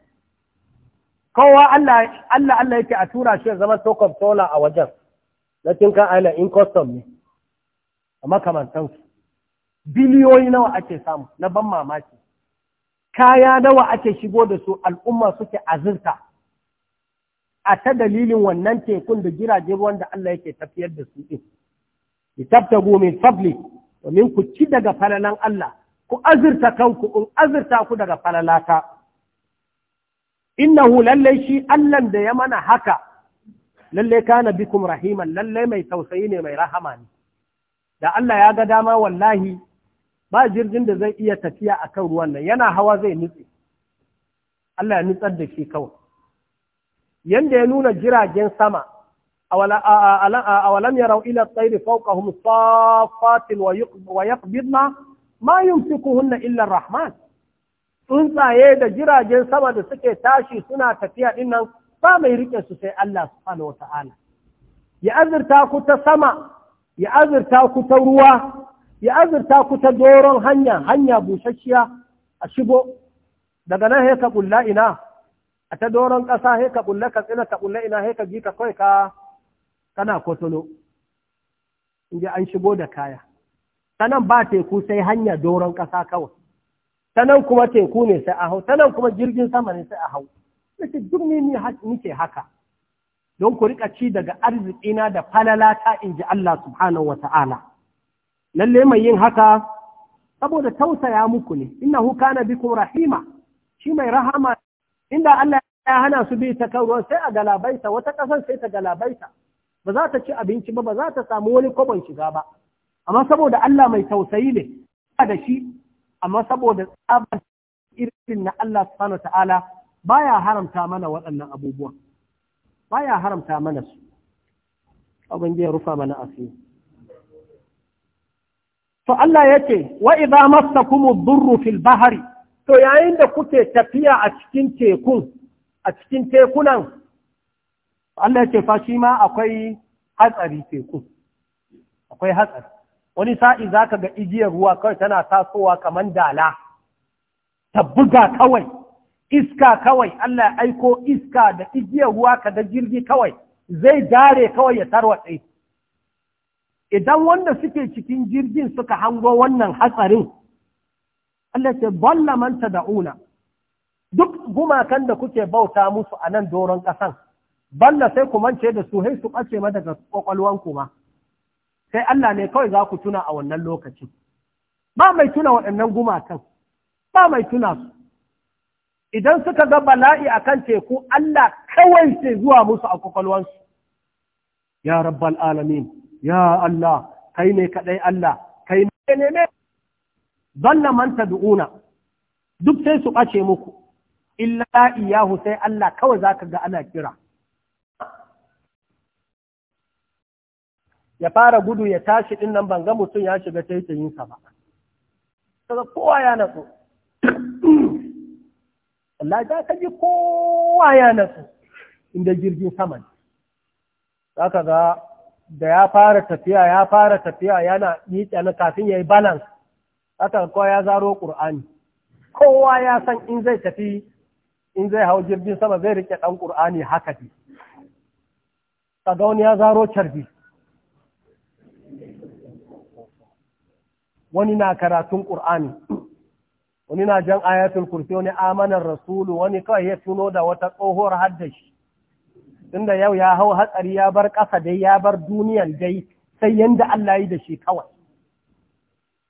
kowa Allah Allah yake a tura shi zama to controller a wajen na cikin kan island in custom ne a makamantansu biliyoyi nawa ake samu na ban mamaki kaya nawa ake shigo da su al'umma suke azurta a ta dalilin wannan tekun da jiragen ruwan da Allah yake tafiyar da su ɗin. tabtagu min fabli, domin ku ci daga falalan Allah, ku azurta kanku in azurta ku daga falalata. Innahu lallai shi Allah da ya mana haka, lallai kana bikum rahiman, lallai mai tausayi ne mai rahama ne. Da Allah ya ga dama wallahi ba jirgin da zai iya tafiya a kan ruwan nan yana hawa zai nutse Allah ya nutsar da shi kawai yanda ya nuna jiragen sama awalam yarau ila tsairi fawqahum safatin wa yaqbidna ma na illa rahman tsuntsaye da jiragen sama da suke tashi suna tafiya dinnan ba mai rike su sai Allah subhanahu ya azurta ku ta sama ya azurta ku ta ruwa ya azurta ku ta doron hanya hanya busasshiya a shigo daga nan heka kulla ina a ta doron ƙasa heka kulla ka tsina ta kulla ina heka ji ka kai ka kana kotolo inji an shigo da kaya sanan ba teku sai hanya doron ƙasa kawai sanan kuma teku ne sai a hau sanan kuma jirgin sama ne sai a hau nace duk ni ke haka don ku rika ci daga arzikina da falalata inji Allah subhanahu wa ta'ala lalle mai yin haka saboda tausaya muku ne innahu kana bikum rahima shi mai rahama inda Allah ya hana su bi ta kawo sai a galabaita wata kasan sai ta galabaita ba za ta ci abinci ba ba za ta samu wani kwabon shiga ba amma saboda Allah mai tausayi ne da shi amma saboda tsabar irin na Allah subhanahu ta'ala baya haramta mana waɗannan abubuwa baya haramta mana su abin ya rufa mana asiri To Allah ya ce, wa idza massakumu durru fil bahari, to yayin da kuke tafiya a cikin tekun, a cikin tekunan, Allah ya ce fa shi ma akwai hatsari akwai hatsari. Wani sa'i za ka ga igiyar ruwa kai tana tasowa kamar dala, ta buga kawai, iska kawai, Allah ya aiko iska da igiyar ruwa ka da jirgi kawai, zai dare kawai ya tarwatse. idan wanda suke cikin jirgin suka hango wannan hatsarin Allah ce balla man tad'una duk gumakan da kuke bauta musu a nan doron ƙasan balla sai ku mance da su haisu su ma daga ƙwaƙwalwan ku sai Allah ne kawai za ku tuna a wannan lokacin ba mai tuna waɗannan gumakan ba mai tuna su idan suka ga bala'i a kan teku Allah kawai sai zuwa musu a ƙwaƙwalwansu ya rabbal alamin ya Allah kai ne kaɗai Allah kai ne ne na manta du'una, duk sai su ɓace muku illa iyahu sai Allah kawai zaka ga ana kira ya fara gudu ya tashi din nan ga mutum ya shiga taitayin ba kaga kowa ya nasu. Allah ya ka ji kowa ya nasu? inda jirgin sama ne ka ga da ya fara tafiya ya fara tafiya yana yi na kafin ya yi balans haka kowa ya zaro ƙur'ani kowa ya san in zai tafi in zai hau jirgin sama zai rike ɗan ƙur'ani haka fi wani ya zaro carbi wani na karatun ƙur'ani wani na jan ayatul kursi wani amanar rasulu wani kawai ya tuno da wata tsohuwar haddashi tunda yau ya hau hatsari ya bar ƙasa dai ya bar duniyan dai sai yanda Allah yi da shi kawai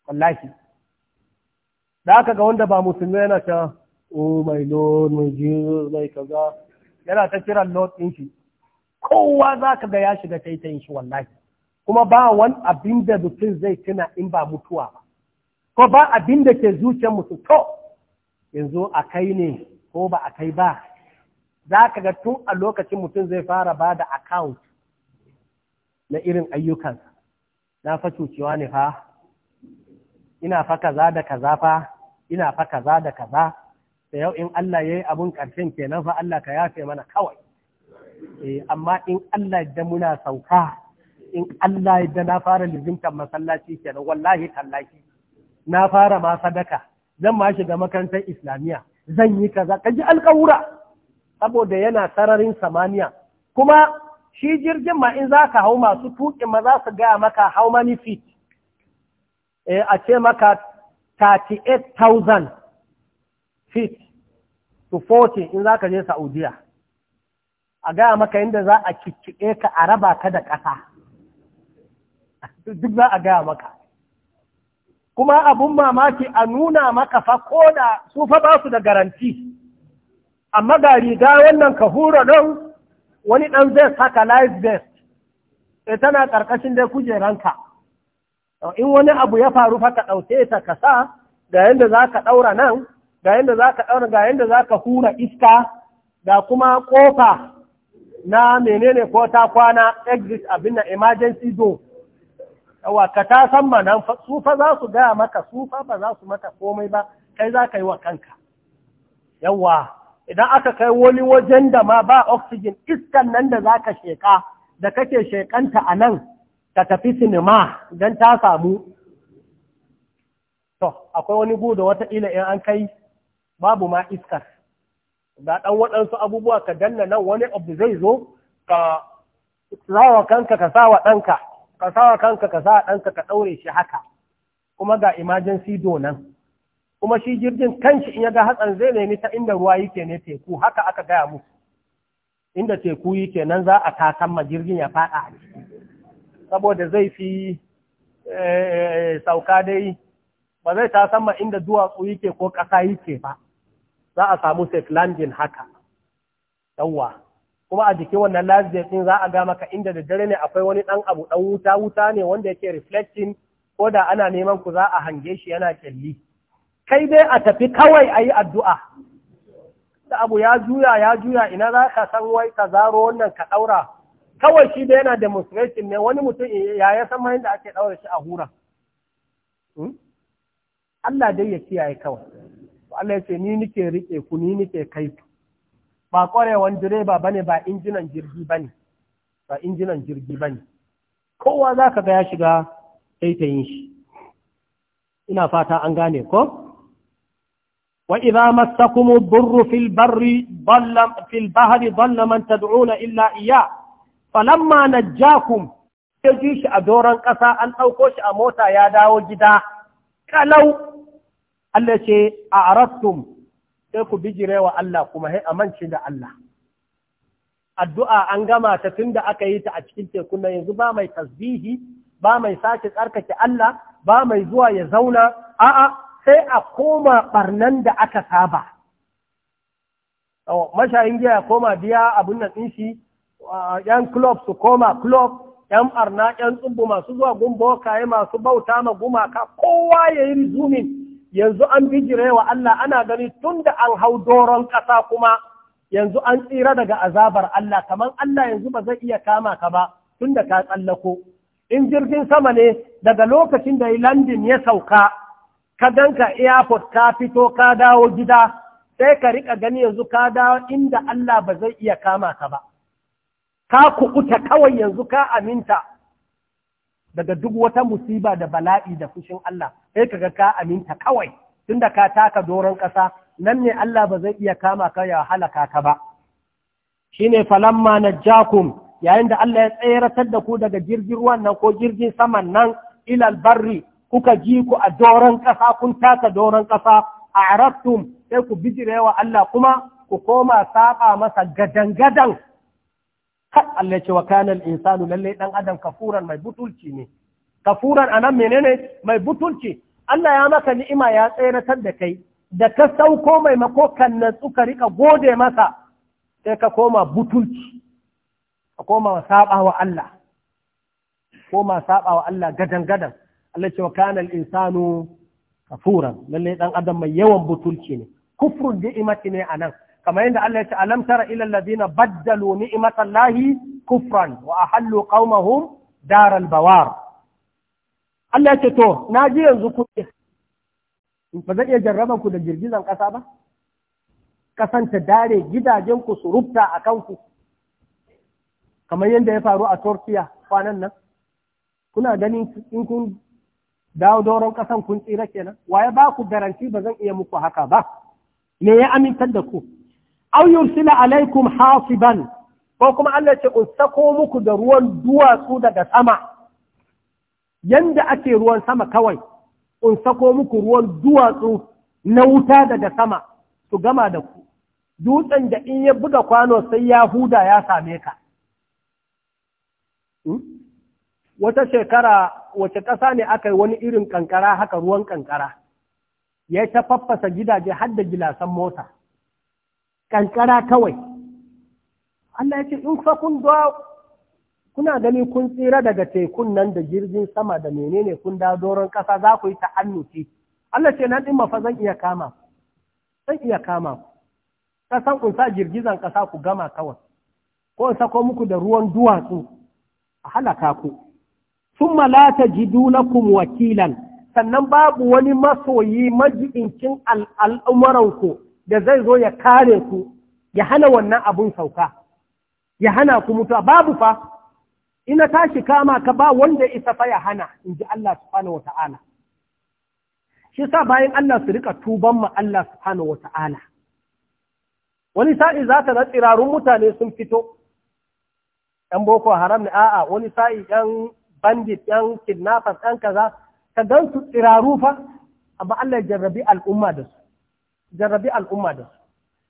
wallahi da aka ga wanda ba musulmi yana ta oh my lord my jesus my kaza yana ta kiran lord ɗin shi kowa za ka ga ya shiga taitayin shi wallahi kuma ba wani abin da mutum zai tuna in ba mutuwa ba ko ba abin da ke zuciyar mutum to yanzu a kai ne ko ba a kai ba za ka ga tun a lokacin mutum zai fara ba da account na irin ayyukansa na fa cucewa ne fa ina fa kaza da kaza fa ina fa kaza da kaza da yau in Allah ya yayi abun karshen kenan fa Allah ka yafe mana kawai eh, amma in Allah da muna sauka in Allah da na fara lizimtar masallaci kenan wallahi tallaki. na fara ma sadaka zan ma shiga makarantar islamiyya zan yi kaza ji alƙawura saboda yana sararin samaniya kuma shi jirgin ma in za ka hau masu tuƙin ma za su gaya maka how many feet eh, a ce maka 38,000 feet to 40 in za ka je Saudiya a gaya maka inda za a kikkiɗe ka a raba ka da ƙasa duk za a gaya maka kuma abun mamaki a nuna maka fa ko da su fa ba su da garanti amma ga riga wannan ka hura don wani ɗan zai saka life vest e tana ƙarƙashin dai kujeranka in wani abu ya faru fa ka ɗauke ta kasa sa ga yadda za ka ɗaura nan ga yadda za ka ɗaura ga yadda za ka hura iska ga kuma ƙofa na menene ko ta kwana exit abin na emergency door yawa ka ta san mana su fa za su gaya maka su ba za su maka komai ba kai za ka yi wa kanka yawa idan aka kai wani wajen da ma ba oxygen iskan nan da za ka sheka, da kake shekanta a nan ka tafi sinima don ta samu to akwai wani gu da ila in an kai babu ma iskar da ɗan waɗansu abubuwa ka danna nan wani abu zai zo ka sawa kanka ka sawa ɗanka ka sawa kanka ka sawa ɗanka ka ɗaure shi haka kuma ga emergency do nan kuma shi jirgin kanshi in ya ga hatsan zai nemi ta inda ruwa yake ne teku haka aka gaya musu inda teku yake nan za a tasan ma jirgin ya faɗa a ciki saboda zai fi eh, sauka dai ba zai tasan ma inda duwatsu yake ko ƙasa yake ba za a samu safe landing haka yawwa kuma a jikin wannan last din za a ga maka inda da dare ne akwai wani ɗan abu ɗan wuta wuta ne wanda yake reflecting ko da ana neman ku za a hange shi yana kyalli kai dai a tafi kawai a yi addu'a da abu ya juya ya juya ina za ka san wai ka zaro wannan ka ɗaura kawai shi dai yana demonstration ne wani mutum eh, ya ya san da ake ɗaura shi a hura hmm? Allah dai ya kiyaye kawai Allah ya ce ni nike riƙe ku ni nike kai ku ba ƙwarewan direba bane ba injinan jirgi bane ba injinan jirgi bane kowa za ka ga ya shiga taitayin shi ina fata an gane ko وإذا مسكم الضر في البر ضل في البحر ضل من تدعون إلا إياه فلما نجاكم يجيش أدورا قصا أن أوكوش أموتا يا داو جدا كالو التي شيء أعرضتم يكو بجري وألا كما هي أمان شد الله الدعاء أن جمع تتند أكيد أشكلت كنا يزبا ما يتزبيه با ما يساكت أركك الله با ما يزوى يزونا أأأ sai a koma ɓarnan da aka saba oh, mashayin giya ya koma biya abin nan ɗin shi ah, ‘yan club su koma club ‘yan ɓarna ‘yan tsubu masu zuwa gumbo gumbokaye masu bauta ma gumaka kowa ya yi rizumin yanzu an bijire wa Allah ana gani tun da an hau doron ƙasa kuma yanzu an tsira daga azabar Allah kamar Allah yanzu ba zai iya kama ka ba tun da ka tsallako in jirgin sama ne daga lokacin da landin ya sauka ka danka airport ka fito ka dawo gida sai ka rika gani yanzu ka dawo inda Allah ba zai iya kama ka ba ka kuɓuta kawai yanzu ka aminta daga duk wata musiba da bala'i da fushin Allah sai ka ga ka aminta kawai tunda ka taka doron ƙasa nan ne Allah ba zai iya kama ka ya halaka ka ba shine falamma najakum yayin da Allah ya tsayar da ku daga jirgin ruwan nan ko jirgin saman nan ilal barri kuka ji ku a doron ƙasa kun taka doron ƙasa a arabtum sai ku bijirewa Allah kuma ku koma saba masa gadan-gadan kan Allah ce wa kanal insanu lalle dan adam kafuran mai butulci ne kafuran anan menene mai butulci Allah ya maka ni'ima ya tsayar da kai da ka sauko mai makokan nan suka rika gode masa sai ka koma butulci ka koma saba wa Allah koma saba wa Allah gadan Allah cewa kana al-insanu kafuran lalle dan adam mai yawan butulci ne kufrun ni'imati ne anan kamar yadda Allah ya ce alam tara ila alladhina baddalu ni'matallahi kufran wa ahallu qaumahum daral bawar Allah ya ce to na ji yanzu ku ba zai iya jarraba ku da girgizan kasa ba kasanta dare gidajen ku su rubta a kanku kamar yadda ya faru a Turkiya kwanan nan kuna ganin in kun dawo doron ƙasan kun tsira kenan waye ba ku garanti ba zan iya muku haka ba me ya amintar da ku aw yursila alaikum hasiban ko kuma Allah ce in sako muku da ruwan duwatsu daga sama yanda ake ruwan sama kawai in sako muku ruwan duwatsu na wuta daga sama su gama da ku dutsen da in ya buga kwano sai ya huda ya same ka hmm? wata shekara wace ƙasa ne aka yi wani irin kankara haka ruwan ƙanƙara? ya ta faffasa gidaje har da gilasan mota ƙanƙara kawai Allah ya ce in fa kun zo kuna gani kun tsira daga tekun nan da jirgin sama da menene kun da doron ƙasa za ku yi ta'annuci Allah ce na din mafa zan iya kama zan iya kama ku kasan kun sa girgizan ƙasa ku gama kawai ko in sako muku da ruwan duwatsu a halaka ku ثم لا tajidunakum wakilan sannan babu wani masoyi majibincin al'amuranku da zai zo ya kare ku ya wannan abun sauka ya hana ku mutuwa babu fa ina tashi kama ka ba wanda isa fa ya hana in ji Allah subhanahu wa ta'ala shi sa bayan Allah su rika tuban ma Allah subhanahu wa ta'ala wani sa'i za ta tsirarun mutane sun fito ‘yan boko haram ne a'a wani sa'i ‘yan bandit yan kidnappers yan kaza ka gan su tsiraru fa amma Allah jarrabi al'umma da su jarrabi al'umma da su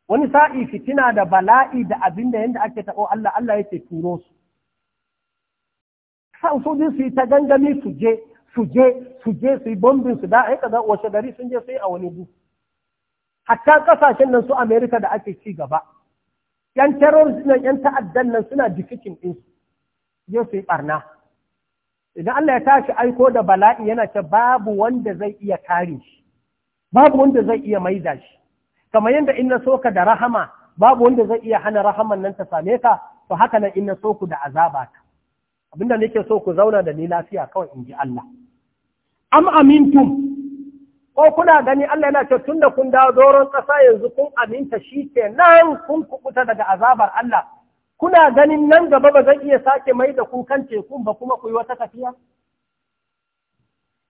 wani sa'i fitina da bala'i da abin da yanda ake taɓo Allah Allah yake turo su sa sojin su yi ta gangami su je su je su je su yi bombin su da aika wace gari sun je sai a wani gu hatta kasashen nan su Amerika da ake ci gaba yan terrorist nan yan ta'addan nan suna jikikin din su je su yi barna idan Allah ya tashi aiko da bala'i yana ce babu wanda zai iya kare shi babu wanda zai iya maida shi kamar yadda in na soka da rahama babu wanda zai iya hana rahaman nan ta same ka to haka nan in na soku da azaba ta abinda nake so ku zauna da ni lafiya kawai in ji Allah am amintum ko kuna gani Allah yana ce da kun dawo doron ƙasa yanzu kun aminta shi ke nan kun kukuta daga azabar Allah kuna ganin nan gaba ba zan iya sake mai da kun kan tekun ba kuma ku yi wata tafiya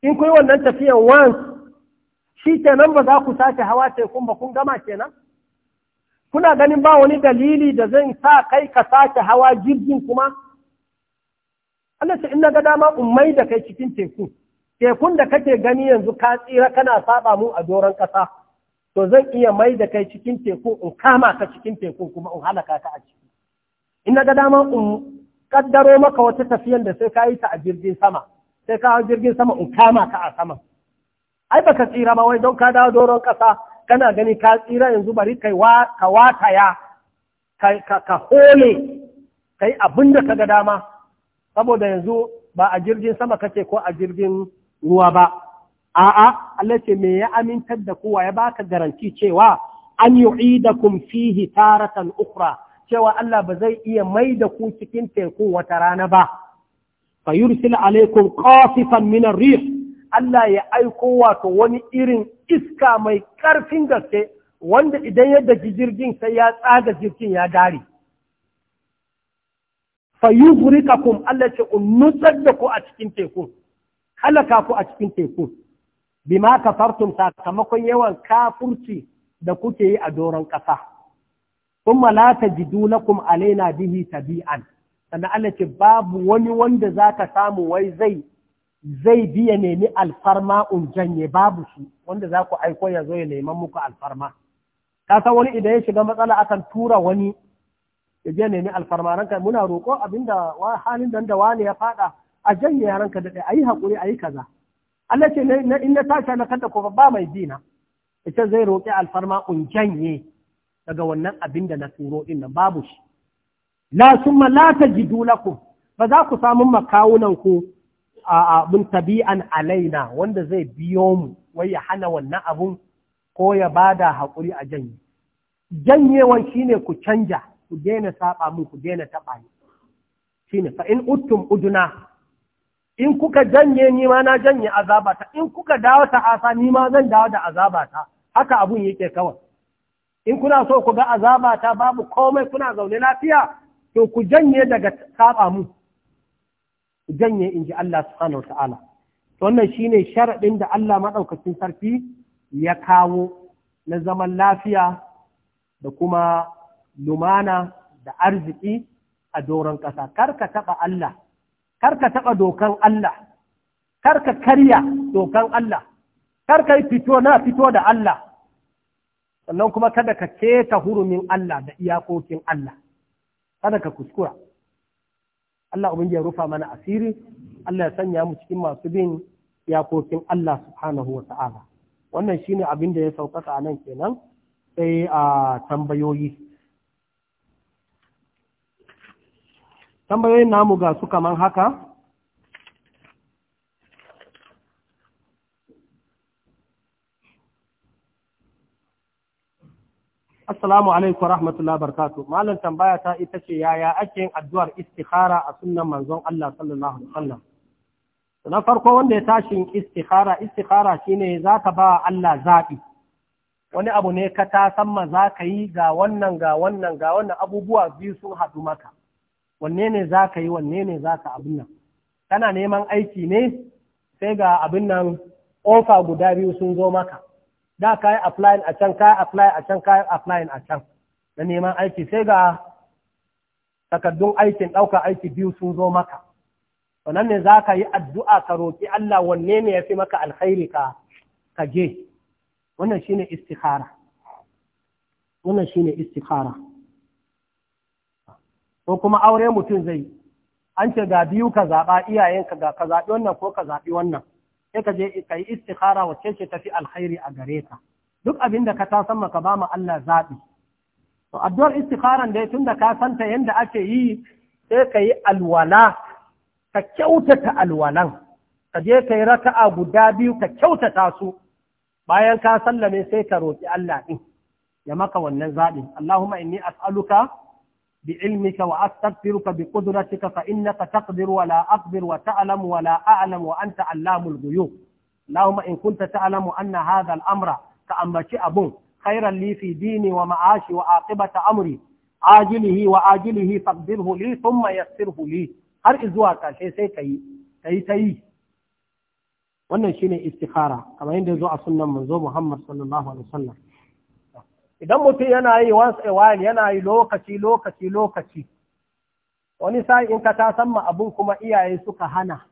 in ku yi wannan tafiyan once shi kenan ba za ku sake hawa tekun ba kun gama kenan kuna ganin ba wani dalili da zan sa kai ka sake hawa jirgin kuma Allah ce in na ga dama in mai da kai cikin teku tekun da kake gani yanzu ka tsira kana saba mu a doron kasa, to zan iya mai da kai cikin teku in kama ka cikin teku kuma in halaka ka a ciki ina ga dama in kaddaro maka wata tafiyan da sai ka yi ta a jirgin sama sai ka jirgin sama in kama ka a sama ai ka tsira ba wai don ka dawo doron kasa kana gani ka tsira yanzu bari kai wa ka wataya ka ka hole kai abin da ga dama saboda yanzu ba a jirgin sama kake ko a jirgin ruwa ba a'a Allah ce me ya amintar da kowa ya baka garanti cewa an yu'idakum fihi taratan ukhra cewa Allah ba zai iya mai da ku cikin teku wata rana ba fa yursil alaikum qasifan min ar-rih Allah ya aiko wato wani irin iska mai ƙarfin gaske wanda idan ya daji jirgin sai ya tsaga jirgin ya dare fa yughriqakum Allah ce nutsar da ku a cikin teku halaka ku a cikin teku bima kafartum sakamakon yawan kafurci da kuke yi a doron ƙasa. kuma la tajidu lakum alaina bihi tabi'an sannan Allah ce babu wani wanda zaka samu wai zai zai biya nemi alfarma un janye babu shi wanda za ku aiko ya zo ya neman muku alfarma ka san wani idan ya shiga matsala akan tura wani ya je nemi alfarma ranka muna roƙo abinda halin dan da wani ya faɗa a janye ranka da ayi hakuri ayi kaza Allah ce in na tashi na kanta ko ba mai dina ita zai roƙi alfarma un janye daga wannan abin da na turo din nan babu shi la summa la tajidu lakum ba za ku samu makawunan ku abun tabi'an alaina wanda zai biyo mu wai ya hana wannan abun ko ya da haƙuri a janye janyewan shine ku canja ku daina saba mu ku daina taɓa ni shine fa in uttum uduna in kuka janye ni ma na janye azabata in kuka dawo ta asa ni ma zan dawo da azabata haka abun yake kawai in kuna so ku ga azaba ta babu komai kuna zaune lafiya to ku janye daga saba mu ku janye inji Allah subhanahu wataala to wannan shine sharadin da Allah madaukakin sarki ya kawo na zaman lafiya da kuma lumana da arziki a doron ƙasa Karka ka taɓa Allah Karka ka taɓa dokan Allah Karka karya dokan Allah kar fito na fito da Allah sannan kuma kada ka keta hurumin Allah da iyakokin Allah kada ka kuskura Allah ya rufa mana asiri Allah ya sanya mu cikin masu bin iyakokin Allah subhanahu wa ta'ala wannan shine abin da ya sauƙaƙa a nan kenan sai a tambayoyi tambayoyin namu ga su kaman haka Assalamu alaikum wa rahmatullahi barkatu. Malam tambaya ta ita ce yaya ake yin addu'ar istikhara a sunnan manzon Allah sallallahu alaihi wasallam. Na farko wanda ya tashi istikhara, istikhara shine za ka ba Allah zaɓi. Wani abu ne ka ta samma za ka yi ga wannan ga wannan ga wannan abubuwa biyu sun haɗu maka. Wanne ne za ka yi wanne ne za ka abin nan. Kana neman aiki ne sai ga abin nan ofa guda biyu sun zo maka. da ka yi applying a can ka yi applying a can ka yi applying a can na neman aiki sai ga takardun aikin ɗaukar aiki biyu sun zo maka wannan ne za ka yi addu'a ka roƙi Allah wanne ne ya fi maka alkhairi ka ka je wannan shine istikhara wannan shine istikhara ko kuma aure mutum zai an ce ga biyu ka zaɓa iyayenka ga ka zaɓi wannan ko ka zaɓi wannan sai ka je ka yi istikhara wacce ce tafi alkhairi a gare ka duk abin da ka ta san maka ba mu Allah zaɓi to addu'ar istikharan dai tunda ka ta yanda ake yi sai ka yi alwala ka kyautata alwalan ka je ka yi raka'a guda biyu ka kyautata su bayan ka sallame sai ka roƙi Allah ɗin ya maka wannan zaɓin Allahumma inni as'aluka بعلمك وأستغفرك بقدرتك فإنك تقدر ولا أقدر وتعلم ولا أعلم وأنت علام الغيوب اللهم إن كنت تعلم أن هذا الأمر كأمشي أبون خيرا لي في ديني ومعاشي وعاقبة أمري عاجله وعاجله فاقدره لي ثم يسره لي هل ازواك شيء سي كي سي سي. وانا شيني استخاره كما shine زوء kamar من زوء محمد صلى الله عليه وسلم. idan mutum yana yi once a while yana yi lokaci lokaci lokaci wani sa'in in ka ta san ma abun kuma iyaye suka hana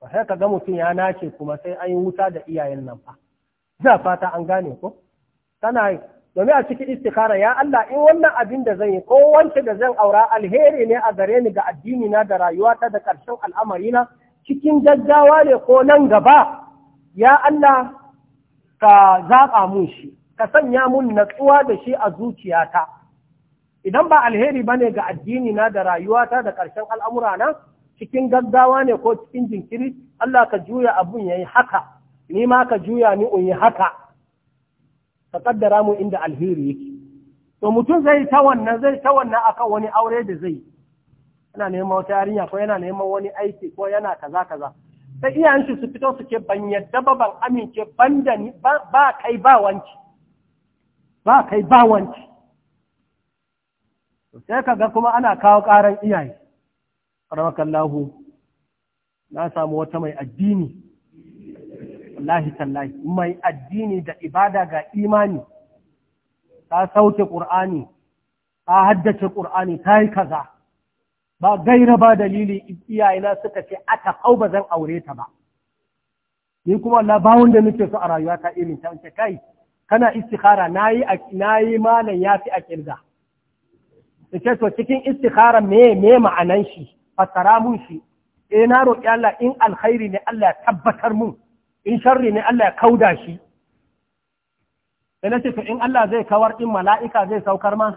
ba sai ka ga mutum ya nace kuma sai an yi wuta da iyayen nan fa za fata an gane ko tana domin a cikin istikara ya Allah in wannan abin da zan yi ko wance da zan aura alheri ne a gare ni ga addini na da rayuwa ta da ƙarshen al'amarina cikin gaggawa ne ko nan gaba ya Allah ka zaɓa mun shi ka sanya mun natsuwa da shi a zuciyata idan ba alheri ba ne ga addini na da rayuwata da ƙarshen al'amura na cikin gaggawa ne ko cikin jinkiri Allah ka juya abun yayi haka ni ma ka juya ni in yi haka ka kaddara mu inda alheri yake to mutum zai ta wannan zai ta wannan akan wani aure da zai yana neman wata yarinya ko yana neman wani aiki ko yana kaza kaza sai iyayen su fito suke, ban yadda ba ban amince ban da ba kai ba wanki ba kai ba wanci sai ka ga kuma ana kawo ƙaran iyaye Kallahu na samu wata mai addini wallahi tallahi mai addini da ibada ga imani ta sauke ƙur'ani ta haddace ƙur'ani ta yi kaza ba gaira ba dalili na suka ce a kau ba zan aure ta ba ni kuma Allah da da nake so a rayuwa ta irin ta kai kana istikhara nayi nayi malan yafi a kirga sai to cikin istikhara me me ma'anan shi fassara mun shi eh na roƙi Allah in alkhairi ne Allah ya tabbatar mun in sharri ne Allah ya kauda shi sai ce to in Allah zai kawar din mala'ika zai saukar ma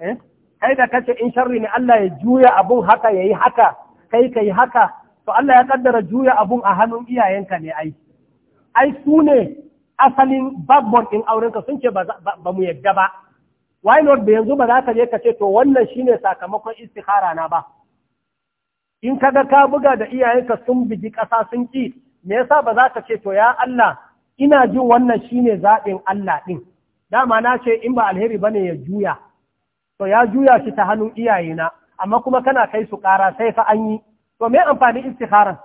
eh kai da kace in sharri ne Allah ya juya abun haka yayi haka kai kai haka to Allah ya kaddara juya abun a hannun iyayenka ne ai ai su ne asalin backbone ɗin aurenka sun ce ba mu yadda ba why not ba yanzu ba za ka je ka ce to wannan shine sakamakon istihara na ba in ka ga ka buga da iyayenka sun bigi ƙasa sun ƙi me yasa ba za ka ce to ya Allah ina jin wannan shine zaɓin Allah ɗin dama na ce in ba alheri bane ya juya to ya juya shi ta hannun na, amma kuma kana kai su ƙara sai fa an yi to me amfani istiharan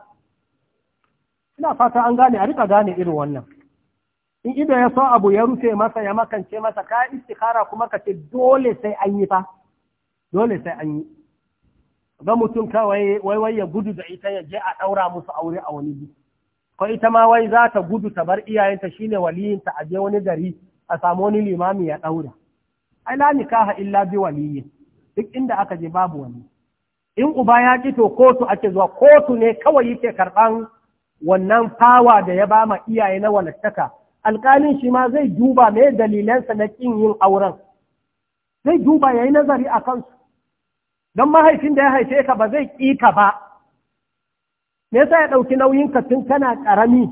ina fata an gane a rika gane irin wannan in ido ya so abu ya rufe masa ya makance masa ka istikhara kuma ka ce dole sai an yi fa dole sai an yi ga mutum kawai wai wai ya gudu da ita ya je a daura musu aure a wani bi ko ita ma wai za ta gudu ta bar iyayenta shine waliyinta a je wani gari a samu wani limami ya daura ai la nikaha illa bi waliyyi duk inda aka je babu wani in uba ya ki to kotu ake zuwa kotu ne kawai yake karban wannan fawa da ya ba ma iyaye na walattaka alƙalin shi ma zai duba mai dalilansa na ƙin yin auren zai duba ya yi nazari a kansu don mahaifin da ya haife ka ba zai ƙi ka ba me yasa ya ɗauki nauyin ka tun kana ƙarami